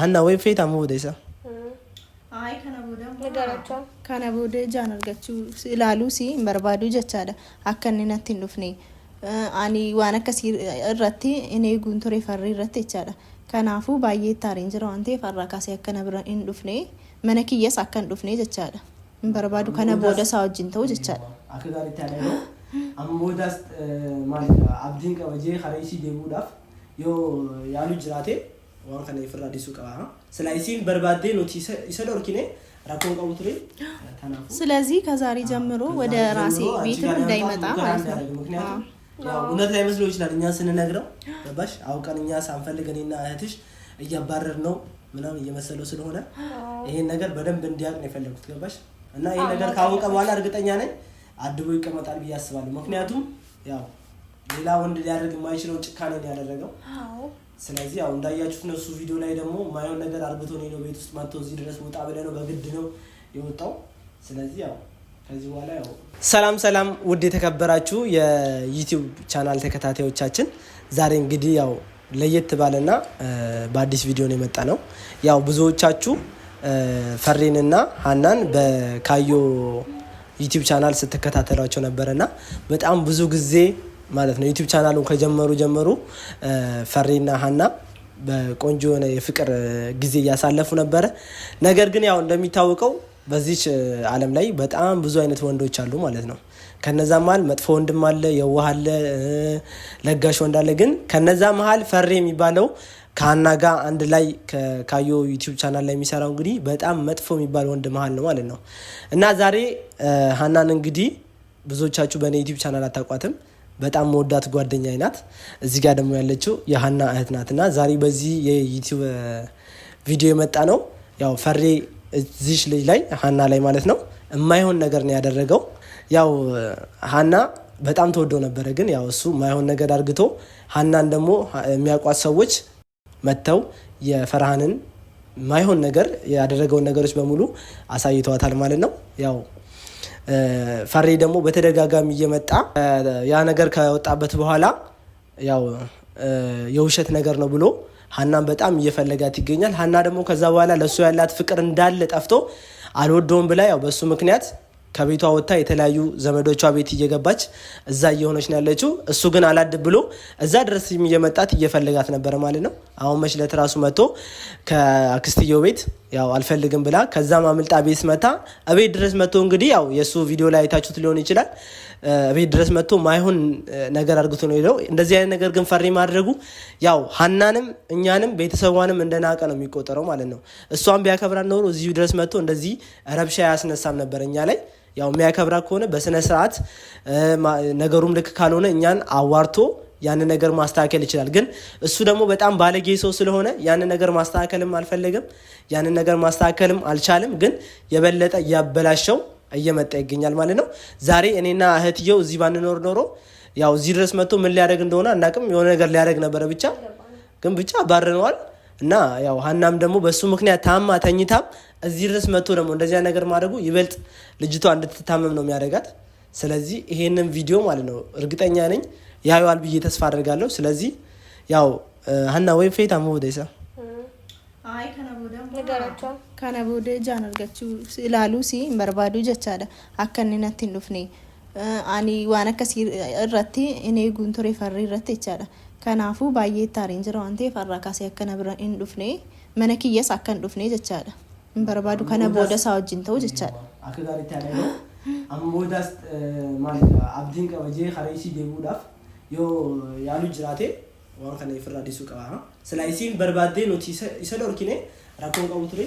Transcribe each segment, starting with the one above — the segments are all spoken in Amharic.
ሀና ወይም ፌት አመቡደሳ ከነቡደ ጃን አርገች ስላሉ ሲ በርባዱ ጀቻለ አከንነት ንዱፍኔ አኒ ዋን አከስ ረቲ እኔ ጉንቱሬ ፈሪ ረት ይቻለ ከናፉ ባየ ታሪን ጅረ አንተ የፈራ ካሴ አከነብረ ንዱፍኔ መነክየስ አከን ዱፍኔ ጀቻለ በርባዱ ከነቦደ ሳዋጅን ተው ጀቻለ አሞዳስ ማለት አብዲን ከበጄ ከረይሲ ደቡዳፍ ዮ ያሉ ጅራቴ waan kana ofirraa qaba ስለዚህ በርባዴ ኖቲ ይሰደ ኦርኪኔ ራኮን ቀቡ ቱሬ ስለዚህ ከዛሬ ጀምሮ ወደ ራሴ ቤትም እንዳይመጣ ማለት እውነት ላይ መስሎ ይችላል እኛ ስንነግረው ገባሽ አውቀን እኛ ሳንፈልግ እኔና እህትሽ እያባረር ነው ምናምን እየመሰለው ስለሆነ ይሄን ነገር በደንብ እንዲያውቅ ነው የፈለጉት ገባሽ እና ይሄን ነገር ካወቀ በኋላ እርግጠኛ ነኝ አድቦ ይቀመጣል ብዬ አስባለሁ። ምክንያቱም ያው ሌላ ወንድ ሊያደርግ የማይችለውን ጭካኔ ያደረገው ስለዚህ አሁን እንዳያችሁት እነሱ ቪዲዮ ላይ ደግሞ ማየውን ነገር አርብቶ ነው ቤት ውስጥ መጥቶ እዚህ ድረስ ወጣ ብለ ነው በግድ ነው የወጣው። ስለዚህ ያው ከዚህ በኋላ ያው ሰላም ሰላም፣ ውድ የተከበራችሁ የዩቲዩብ ቻናል ተከታታዮቻችን ዛሬ እንግዲህ ያው ለየት ባለና በአዲስ ቪዲዮ ነው የመጣ ነው። ያው ብዙዎቻችሁ ፈሬንና ሀናን በካዮ ዩቲዩብ ቻናል ስትከታተሏቸው ነበረና በጣም ብዙ ጊዜ ማለት ነው። ዩቲብ ቻናሉን ከጀመሩ ጀመሩ ፈሪና ሀና በቆንጆ የሆነ የፍቅር ጊዜ እያሳለፉ ነበረ። ነገር ግን ያው እንደሚታወቀው በዚች ዓለም ላይ በጣም ብዙ አይነት ወንዶች አሉ ማለት ነው። ከነዛ መሀል መጥፎ ወንድም አለ፣ የዋህ አለ፣ ለጋሽ ወንድ አለ። ግን ከነዛ መሀል ፈሬ የሚባለው ከሀና ጋር አንድ ላይ ካዮ ዩቲዩብ ቻናል ላይ የሚሰራው እንግዲህ በጣም መጥፎ የሚባል ወንድ መሀል ነው ማለት ነው። እና ዛሬ ሀናን እንግዲህ ብዙዎቻችሁ በእኔ ዩቲዩብ ቻናል አታውቋትም በጣም መወዳት ጓደኛ ናት። እዚህ ጋር ደግሞ ያለችው የሀና እህት ናት እና ዛሬ በዚህ የዩቲዩብ ቪዲዮ የመጣ ነው ያው ፈሬ እዚሽ ልጅ ላይ ሀና ላይ ማለት ነው የማይሆን ነገር ነው ያደረገው። ያው ሀና በጣም ተወዶ ነበረ፣ ግን ያው እሱ የማይሆን ነገር አርግቶ ሀናን ደግሞ የሚያውቋት ሰዎች መጥተው የፈርሃንን ማይሆን ነገር ያደረገውን ነገሮች በሙሉ አሳይተዋታል ማለት ነው። ያው ፈሪ ደግሞ በተደጋጋሚ እየመጣ ያ ነገር ከወጣበት በኋላ ያው የውሸት ነገር ነው ብሎ ሀናን በጣም እየፈለጋት ይገኛል። ሀና ደግሞ ከዛ በኋላ ለእሱ ያላት ፍቅር እንዳለ ጠፍቶ አልወደውም ብላ ያው በእሱ ምክንያት ከቤቷ ወጥታ የተለያዩ ዘመዶቿ ቤት እየገባች እዛ እየሆነች ነው ያለችው። እሱ ግን አላድ ብሎ እዛ ድረስ እየመጣት እየፈለጋት ነበረ ማለት ነው። አሁን መችለት ራሱ መጥቶ ከአክስትየው ቤት ያው አልፈልግም ብላ ከዛም አምልጣ ቤት መታ እቤት ድረስ መቶ እንግዲህ ያው የእሱ ቪዲዮ ላይ አይታችሁት ሊሆን ይችላል። እቤት ድረስ መቶ ማይሆን ነገር አድርግቶ ነው ሄደው። እንደዚህ አይነት ነገር ግን ፈሪ ማድረጉ ያው ሀናንም እኛንም ቤተሰቧንም እንደናቀ ነው የሚቆጠረው ማለት ነው። እሷን ቢያከብራ ኖሮ እዚሁ ድረስ መቶ እንደዚህ ረብሻ አያስነሳም ነበር እኛ ላይ። ያው የሚያከብራ ከሆነ በስነ ስርዓት ነገሩም ልክ ካልሆነ እኛን አዋርቶ ያንን ነገር ማስተካከል ይችላል። ግን እሱ ደግሞ በጣም ባለጌ ሰው ስለሆነ ያንን ነገር ማስተካከልም አልፈለገም፣ ያን ነገር ማስተካከልም አልቻልም። ግን የበለጠ እያበላሸው እየመጣ ይገኛል ማለት ነው። ዛሬ እኔና እህትየው እዚህ ባንኖር ኖሮ ያው እዚህ ድረስ መጥቶ ምን ሊያደርግ እንደሆነ አናቅም። የሆነ ነገር ሊያደርግ ነበረ ብቻ ግን ብቻ ባርነዋል። እና ያው ሀናም ደግሞ በሱ ምክንያት ታማ ተኝታም እዚህ ድረስ መጥቶ ደግሞ እንደዚያ ነገር ማድረጉ ይበልጥ ልጅቷ እንድትታመም ነው የሚያደርጋት። ስለዚህ ይሄንን ቪዲዮ ማለት ነው እርግጠኛ ነኝ ያዩዋል ብዬ ተስፋ አድርጋለሁ ስለዚህ ያው ሀና ወይም ፌት አሞ ወደ ሲ በርባዱ ጀቻለ አከንነት ንዱፍኔ አኒ ዋነ እረቲ እኔ ጉንቶሬ ፈሪ እረት ይቻለ ከናፉ ባዬ ታሬንጅረ ዋንቴ ፈራ ካሲ አከነብረ ንዱፍኔ መነክየስ አከን ጀቻለ በርባዱ ከነቦደ ሳዎጅን ጀቻለ አክጋሪታ ላይ ነው አሞዳስ ማለት አብዲን ከበጄ ከረይሲ ደቡዳፍ yoo jiraate waan kana ofirraa adisuu qaba. Silaaisiin barbaadee nuti isa dhorkine rakkoon qabu ture.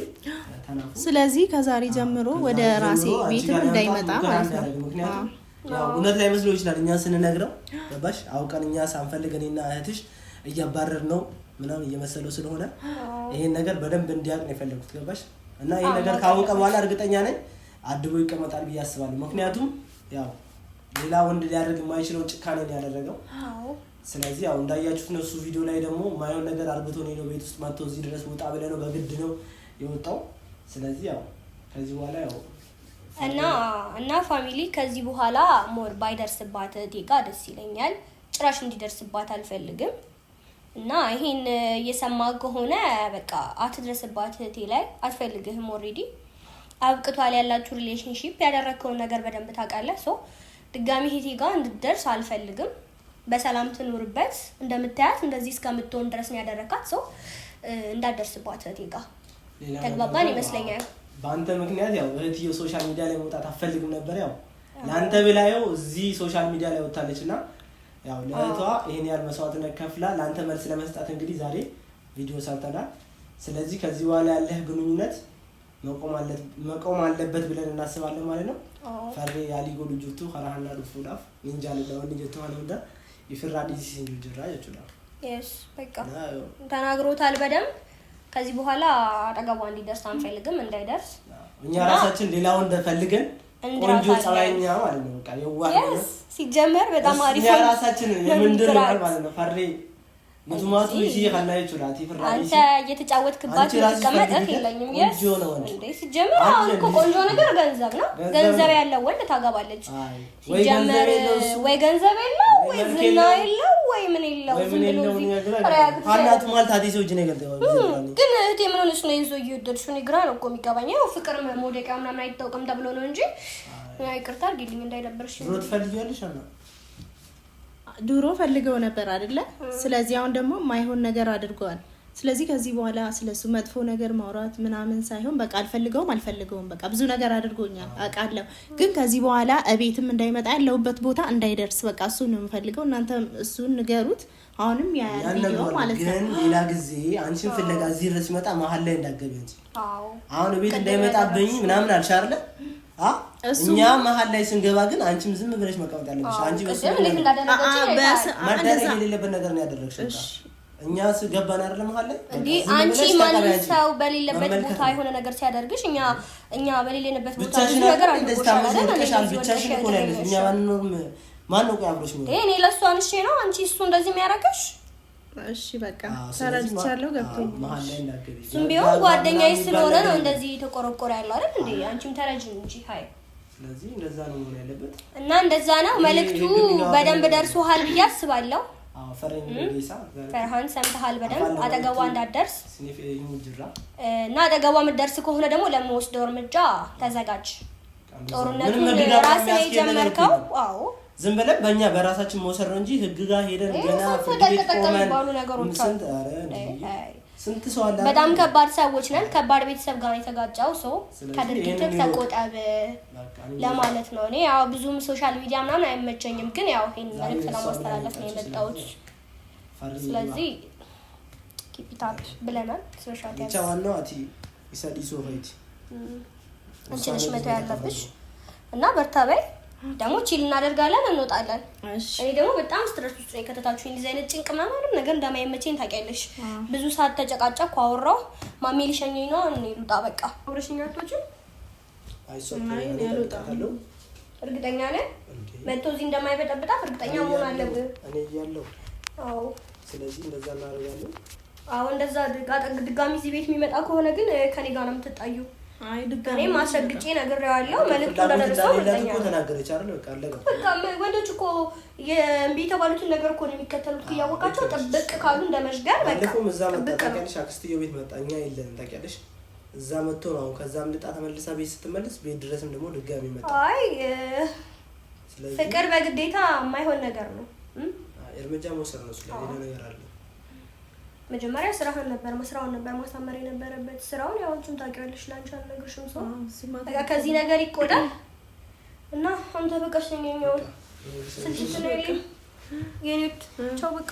ስለዚህ ከዛሬ ጀምሮ ወደ ራሴ ቤትም እንዳይመጣ ማለት ነው። ምክንያቱም እውነት ላይ መስሎ ይችላል እኛ ስንነግረው ገባሽ አውቀን እኛ ሳንፈልግ እህትሽ እያባረር ነው ምናምን እየመሰለው ስለሆነ ይሄን ነገር በደንብ እንዲያውቅ ነው የፈለጉት ገባሽ እና ይሄን ነገር ካወቀ በኋላ እርግጠኛ ነኝ አድቦ ይቀመጣል ብዬ አስባለሁ ምክንያቱም ያው ሌላ ወንድ ሊያደርግ የማይችለውን ጭካኔ ነው ያደረገው። ስለዚህ ያው እንዳያችሁት ነው። እሱ ቪዲዮ ላይ ደግሞ ማየውን ነገር አርብቶ ነው ቤት ውስጥ መጥቶ እዚህ ድረስ ወጣ ብለ ነው በግድ ነው የወጣው። ስለዚህ ያው ከዚህ በኋላ ያው እና እና ፋሚሊ ከዚህ በኋላ ሞር ባይደርስባት እህቴ ደስ ይለኛል። ጭራሽ እንዲደርስባት አልፈልግም። እና ይሄን እየሰማ ከሆነ በቃ አትድረስባት እህቴ ላይ አትፈልግህም። ኦልሬዲ አብቅቷል ያላችሁ ሪሌሽንሺፕ። ያደረግከውን ነገር በደንብ ታውቃለህ ሶ ድጋሚ ሄቴ ጋር እንድደርስ አልፈልግም። በሰላም ትኖርበት። እንደምታያት እንደዚህ እስከምትሆን ድረስ ያደረካት። ሰው እንዳደርስባት እህቴ ጋር ተግባባን ይመስለኛል። በአንተ ምክንያት ያው እህትዮ ሶሻል ሚዲያ ላይ መውጣት አፈልግም ነበር። ያው ለአንተ ብላየው እዚህ ሶሻል ሚዲያ ላይ ወጥታለች እና ያው ለእህቷ ይሄን ያህል መስዋዕትነት ከፍላ ለአንተ መልስ ለመስጣት እንግዲህ ዛሬ ቪዲዮ ሰርተናል። ስለዚህ ከዚህ በኋላ ያለህ ግንኙነት መቆም አለበት ብለን እናስባለን ማለት ነው። ፈሬ ያሊጎ ልጆቱ ከራሃና ዱፉዳፍ ሚንጃ ለወን ልጆቱ አለውዳ ይፍራ ዲሲ ልጅራ ይችላል። ተናግሮታል በደንብ። ከዚህ በኋላ አጠገቧ እንዲደርስ አንፈልግም፣ እንዳይደርስ እኛ ራሳችን ሌላውን እንደፈልገን ቆንጆ ጸባይኛ ማለት ነው። በቃ ሲጀመር በጣም አሪፍ ራሳችን የምንድን ማለት ነው ፈሬ ምቱማቱ እሺ ሀላይ ቹራቲ ፍራቲ አንተ እየተጫወትክባት ተቀመጥ የለኝም። የስ እንዴ ሲጀምር አሁን እኮ ቆንጆ ነገር ገንዘብ ነው። ገንዘብ ያለው ወንድ ታገባለች። ሲጀምር ወይ ገንዘብ የለው ወይ ዝና የለው ወይ ምን የለው ዝም ብሎ አላት ማለት አዲስ ወጅ ነገር ግን እህቴ ምን ሆነሽ ነው ይዞ እየወደድሽው? እኔ ይግራ ነው እኮ የሚገባኝ። ያው ፍቅር መውደቂያ ምናምን አይታወቅም ተብሎ ነው እንጂ ይቅርታ አድርጊልኝ እንዳይደብርሽ ብሎ ትፈልጊያለሽ አላ ድሮ ፈልገው ነበር አይደለ? ስለዚህ አሁን ደግሞ ማይሆን ነገር አድርገዋል። ስለዚህ ከዚህ በኋላ ስለሱ መጥፎ ነገር ማውራት ምናምን ሳይሆን በቃ አልፈልገውም አልፈልገውም በቃ ብዙ ነገር አድርጎኛል አውቃለሁ። ግን ከዚህ በኋላ እቤትም እንዳይመጣ ያለሁበት ቦታ እንዳይደርስ በቃ እሱ ነው የምፈልገው። እናንተ እሱን ንገሩት። አሁንም ያያልዮ ማለት ነው። ግን ሌላ ጊዜ አንቺን ፍለጋ እዚህ ድረስ ሲመጣ መሀል ላይ እንዳገቢ አሁን እቤት እንዳይመጣብኝ ምናምን አልሻለ እኛ መሀል ላይ ስንገባ ግን አንቺም ዝም ብለሽ መቀመጥ ያለብሽ። አንቺ መደረግ የሌለበት ነገር ነው ያደረግሽ። እኛ ገባን አይደለ? መሀል ላይ እንደ አንቺ ማንም ሰው በሌለበት ቦታ የሆነ ነገር ሲያደርግሽ እኛ እኛ በሌለንበት ቦታ ነገር ብቻሽን ሆነ ነው እኛ ማንኖርም ማን ነው አብሮሽ ነው? እኔ ለእሷ አንሼ ነው አንቺ እሱ እንደዚህ የሚያደርግሽ እሺ በቃ ተረድቻለሁ፣ ገብቶኛል። እሱም ቢሆን ጓደኛዬ ስለሆነ ነው እንደዚህ ተቆረቆረ ያለው አይደል እንዴ? አንቺም ተረጅ እንጂ ሀይ። ስለዚህ እንደዛ ነው መሆን ያለበት እና እንደዛ ነው። መልእክቱ በደንብ ደርሶሃል ብዬ አስባለሁ። ፈርሃን ሰምተሃል በደንብ አጠገቧ እንዳትደርስ እና አጠገቧ የምትደርስ ከሆነ ደግሞ ለመወስደው እርምጃ ተዘጋጅ። ጦርነቱን ራስህ የጀመርከው አዎ ዝም ብለን በእኛ በራሳችን መውሰድ ነው እንጂ ህግ ጋር ሄደን ገና ስንት ሰው አለ። በጣም ከባድ ሰዎች ነን። ከባድ ቤተሰብ ጋር የተጋጫው ሰው ከድርጊትህ ተቆጠብ ለማለት ነው። እኔ ያው ብዙም ሶሻል ሚዲያ ምናምን አይመቸኝም፣ ግን ያው ይሄን መልዕክት ለማስተላለፍ ነው የመጣሁት። ስለዚህ ኪፒታፕ ብለናል። ሶሻል ሚዲያ ዋናው አቲ ይሰድ ይሶ ሆይት አንቺ ነሽ መተው ያለብሽ እና በርታ በይ ደግሞ ቺል እናደርጋለን፣ እንወጣለን። እኔ ደግሞ በጣም ስትረስ ውስጥ ነው የከተታችሁ። እንደዚህ አይነት ጭንቅ ምናምንም ነገር እንደማይመቸኝ ታውቂያለሽ። ብዙ ሰዓት ተጨቃጨኩ፣ አወራሁ። ማሜ ሊሸኘኝ ነው፣ እኔ ልውጣ በቃ። አብረሽኝ አትወጪም? እርግጠኛ ነህ? መጥቶ እዚህ እንደማይበጠብጣት እርግጠኛ መሆን አለብህ። እኔ እያለሁ። አዎ፣ ስለዚህ እንደዛ እናደርጋለን። አዎ፣ እንደዛ ድጋሚ እዚህ ቤት የሚመጣ ከሆነ ግን ከኔ ጋር ነው የምትጣዩ። እኔም አሰግጬ ነግሬዋለሁ። መልዕክቱ ተናገረች ወንዶች እኮ የተባሉትን ነገር እኮ ነው የሚከተሉት እያወቃቸው ጥብቅ ካሉ እንደ መሽገር ቤት መጣ። እኛ የለንም ታውቂያለሽ። እዛ መጥቶ ነው ከዛ ተመልሳ ቤት ስትመልስ ቤት ድረስም ደግሞ ድጋሚ መጣ። አይ ፍቅር በግዴታ የማይሆን ነገር ነው። እርምጃ መውሰድ ነው። ስለሌላ ነገር አለ መጀመሪያ ስራህን ነበር መስራውን ነበር ማሳመር የነበረበት። ስራውን ያው አንቺም ታውቂዋለሽ፣ ለአንቺ አልነግርሽም። ሰው በቃ ከዚህ ነገር ይቆዳል እና አንተ በቃ ሽኛኛው ስልሽት ነው የኔ ቻው በቃ